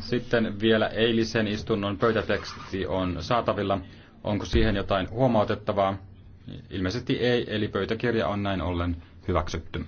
Sitten vielä eilisen istunnon pöytäteksti on saatavilla. Onko siihen jotain huomautettavaa? Ilmeisesti ei, eli pöytäkirja on näin ollen hyväksytty.